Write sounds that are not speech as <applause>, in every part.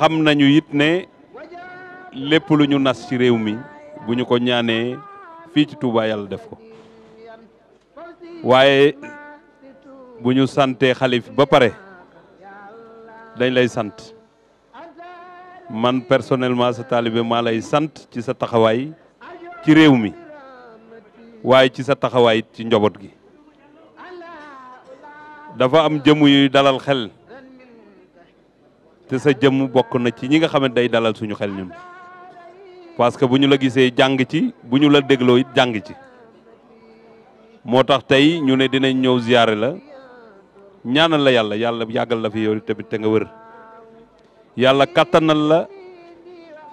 xam nañu it ne lépp lu ñu nas ci réew mi bu ñu ko ñaanee fii ci Touba def ko waaye bu ñu santee xalif ba pare dañ lay sant man personnellement sa taalibe maa lay sant ci sa taxawaay ci réew mi waaye ci sa taxawaay ci njaboot gi dafa am jëmm yuy dalal xel te sa jëmm bokk na ci ñi nga xam day dalal suñu xel ñun parce que bu ñu la gisee jàng ci bu ñu la dégloo it jàng ci moo tax tey ñu ne dinañ ñëw ziyaare la ñaanal la yàlla yàlla yàggal la fi yow tamit te nga wër yàlla kattanal la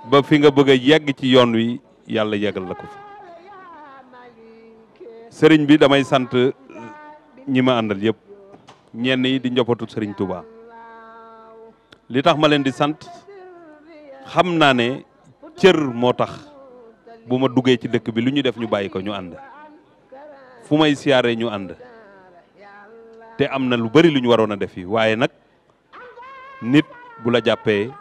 ba fi nga bëgg a yegg ci yoon wi yàlla yeggal la ko fi sëriñ bi damay sant ñi ma àndal yëpp ñenn yi di njoppatu sëriñ Touba. li tax ma leen di sant xam naa ne cër moo tax bu ma duggee ci dëkk bi lu ñu def ñu bàyyi ko ñu ànd fu may siyaare ñu ànd te am na lu bari lu ñu waroon a def yi waaye nag nit bu la jàppee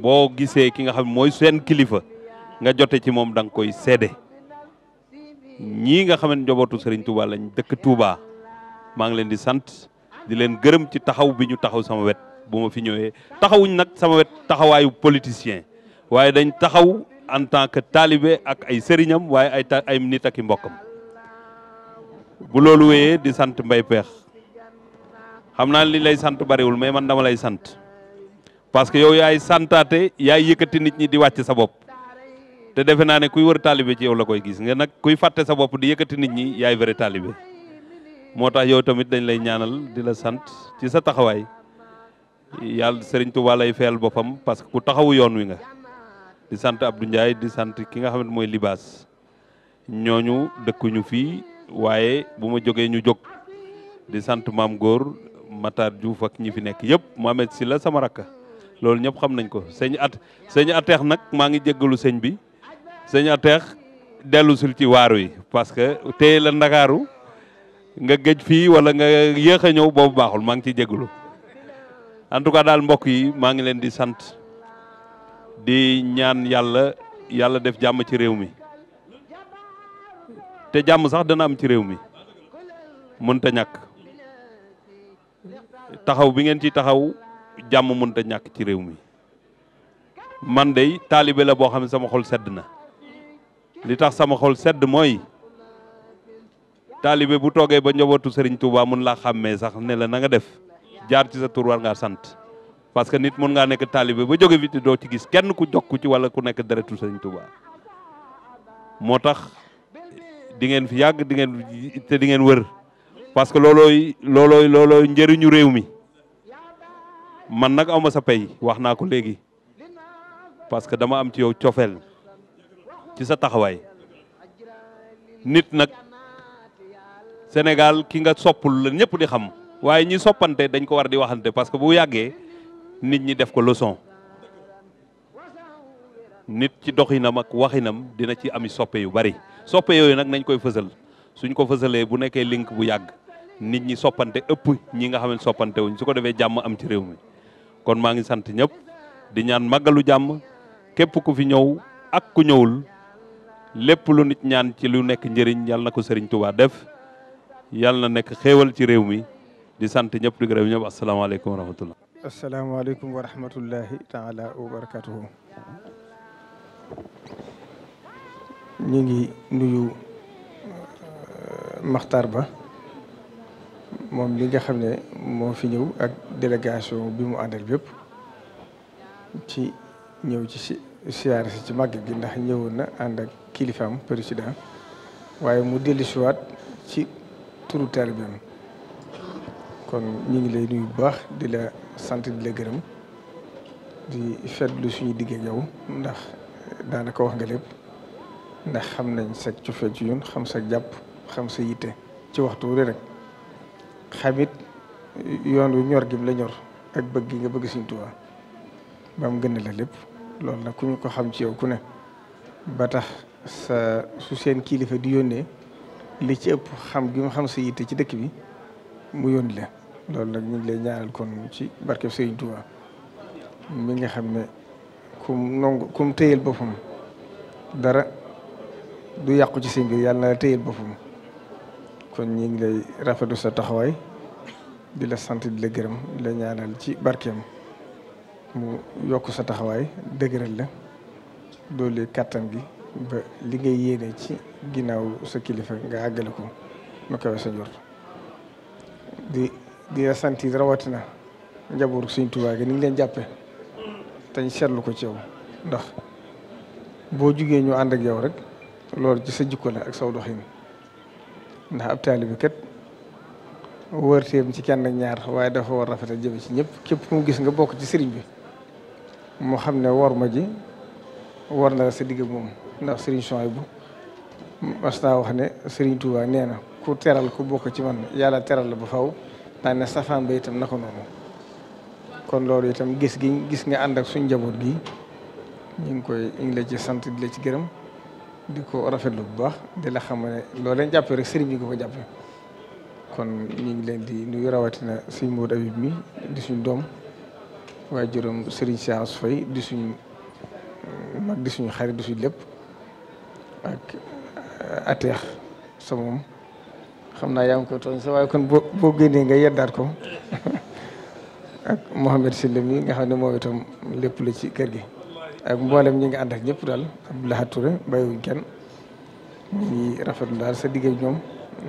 boo gisee ki nga xam mooy seen kilifa nga jote ci moom danga koy seede ñii nga xam ne njobootu Serigne Touba lañ dëkk Touba maa ngi leen di sant di leen gërëm ci taxaw bi ñu taxaw sama wet bu ma fi ñëwee taxawuñ nag sama wet taxawaayu politicien waaye dañ taxaw en tant que taalibe ak ay sëriñam waaye ay ay nit ak mbokkam bu loolu wéyee di sant mbay peex xam naa li lay sant bariwul mais man dama lay sant parce que yow yaay santaate yaay yëkkati nit ñi di wàcc sa bopp te defe naa ne kuy wër taalibe ci yow la koy gis nga nag kuy fàtte sa bopp di yëkkati nit ñi yaay vrai taalibe moo tax yow tamit dañ lay ñaanal di la sant ci sa taxawaay yàlla Serigne Touba lay fayal boppam parce que ku taxawu yoon wi nga di sant Abdou Ndiaye di sant ki nga xam ne mooy libaas ñooñu dëkkuñu fii waaye bu ma jógee ñu jóg di sant maam góor Matar Diouf ak ñi fi nekk yëpp Mohamed Sylla sama rakka loolu ñëpp xam nañ ko sëñ at sëñ ateex nag maa ngi jéggalu sëñ bi sëñ ateex dellu sul ci waar wi parce que téye la ndakaaru nga géej fii wala nga yéex a ñëw boobu baaxul maa ngi ci jéggalu en tout cas daal mbokk yi maa ngi leen di sant di ñaan yàlla yàlla def jàmm ci réew mi te jàmm sax dana am ci réew mi mënta ñàkk taxaw bi ngeen ci taxaw jàmm mënta ñàkk ci réew mi man dey taalibe la boo xam ne sama xol sedd na li tax sama xol sedd mooy taalibe bu toogee ba njabootu Serigne Touba mun laa xàmmee sax ne la na nga def jaar ci sa tur war ngaa sant parce que nit mun ngaa nekk taalibe ba jóge fi te doo ci gis kenn ku jokku ci wala ku nekk deretu Sëriñ Tuuba moo tax dingeen fi yàgg di ngeen te di ngeen wër parce que loolooy loolooy loolooy njëriñu réew mi man nag ama sa pay wax naa ko léegi parce que dama am ci yow cofeel ci sa taxawaay nit nag Sénégal ki nga soppul la ñëpp di xam waaye ñi soppante dañ ko war di waxante parce que bu yàggee nit ñi def ko leçon nit ci doxinam ak waxinam dina ci ami soppe yu bari soppe yooyu nag nañ koy fësal suñ ko fësalee bu nekkee link bu yàgg nit ñi soppante ëpp ñi nga xam ne soppante wuñ su ko defee jàmm am ci réew mi kon maa ngi sant ñëpp di ñaan màggalu jàmm képp ku fi ñëw ak ku ñëwul lépp lu nit ñaan ci lu nekk njëriñ yàlla na ko sëriñ Tuubaa def yàlla na nekk xéewal ci réew mi di sant ñëpp di gërëm ñëpp asalaamaaleykum wa rahmatullah asalaamaaleykum wa rahmatullahi taala wa ñu ngi nuyu euh, Maxtaar Ba moom li nga xam ne moo fi ñëw ak délégation bi mu àndal bépp ci ñëw ci siyaare si ci màgg gi ndax ñëwoon na ànd ak kilifaam président waaye mu dellusiwaat ci turu taalibeem kon ñu ngi lay nuyu bu baax di la sant di la gërëm di fetlu suñu digg ak yow ndax daanaka wax nga lépp ndax xam nañ sa cofee ci ñun xam sa jàpp xam sa yitte ci waxtu wu rek xamit yoon wu ñor gim la ñor ak bëgg gi nga bëgg Sëriñ Tuubaa ba mu gën la lépp loolu nag ku ñu ko xam ci yow ku ne ba tax sa su seen kilifa di yónnee li ci ëpp xam gi mu xam sa yitte ci dëkk bi mu yónni la loolu nag ñu ngi lay ñaanal kon ci barkeb Sëriñ Tuubaa mi nga xam ne kum nangu kum téyel boppam dara du yàqu ci seen biir yàlla na la téyel boppam kon ñu ngi lay rafetu sa taxawaay di la sant di la gërëm di la ñaanal ci barkeem mu yokk sa taxawaay dëgëral la doole kàttan gi ba li ngay yéene ci ginnaaw sa kilifa nga àggale ko ma kawe sa jot di di la sant yi rawatina njabootu Sëriñ Tuubaa gi niñ leen jàppe tañ seetlu ko ci yow ndax boo jugee ñu ànd ak yow rek loolu ci sa jikko la ak saw doxin ndax ab taalibe kat wërteem ci kenn ñaar waaye dafa war rafet ak jëme ci ñëpp képp ku mu gis nga bokk ci sëriñ bi moo xam ne war ma ji war na la sa digg moom ndax sëriñ Souhaïbou mas naa wax ne sëriñ Tuubaa nee na ku teral ku bokk ci man yàlla teral la ba faw ndax ne safaan ba itam na noonu kon loolu itam gis gi gis nga ànd ak suñ njaboot gi ñu ngi koy ñu ngi la ci sant di la ci gërëm di ko rafetlu bu baax di la xam ne loo leen jàppee rek sëriñ bi nga ko jàppee kon ñu ngi leen di nuyu rawatina suñ Modou Habib mi di suñ doom waaye juróom sëriñ Cheikh Faye di suñ mag di suñu xarit di suñ lépp ak ateex sa moom xam naa yaa ngi ko tooñ sa waaye kon boo boo génnee nga yeddaat ko <laughs> ak Mouhamed Sylla mi nga xam ne moom itam lépp la ci kër gi ak mboolem ñi nga ànd ak ñëpp daal Abdoulaye Touré bàyyiwuñ kenn ñi rafetlu daal sa digg ñoom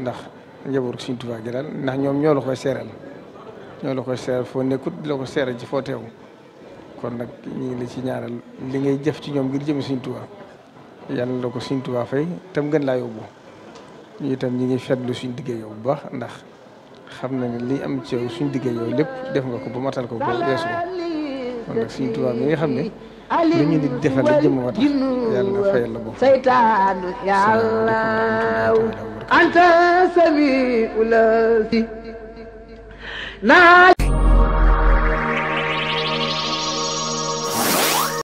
ndax njaboot suñ Tuubaa gi daal ndax ñoom ñoo la koy seeral ñoo la koy seeral foo nekkut di la ko seeral ci foo teew kon nag ñi ci ñaaral li ngay jëf ci ñoom ngir jëm suñ Tuubaa yàlla la ko suñ Tuubaa fay tam gën laa yóbbu ñu tam ñi ngi fetlu suñ diggee yow bu baax ndax xam na ne li am ci suñ diggee yow lépp def nga ko ba matal ko ba weesu kon nag suñ xam ne lu di defal la jëmm wa tax yàlla na fayal la bopp seytaanu yàllaw anta samiu la si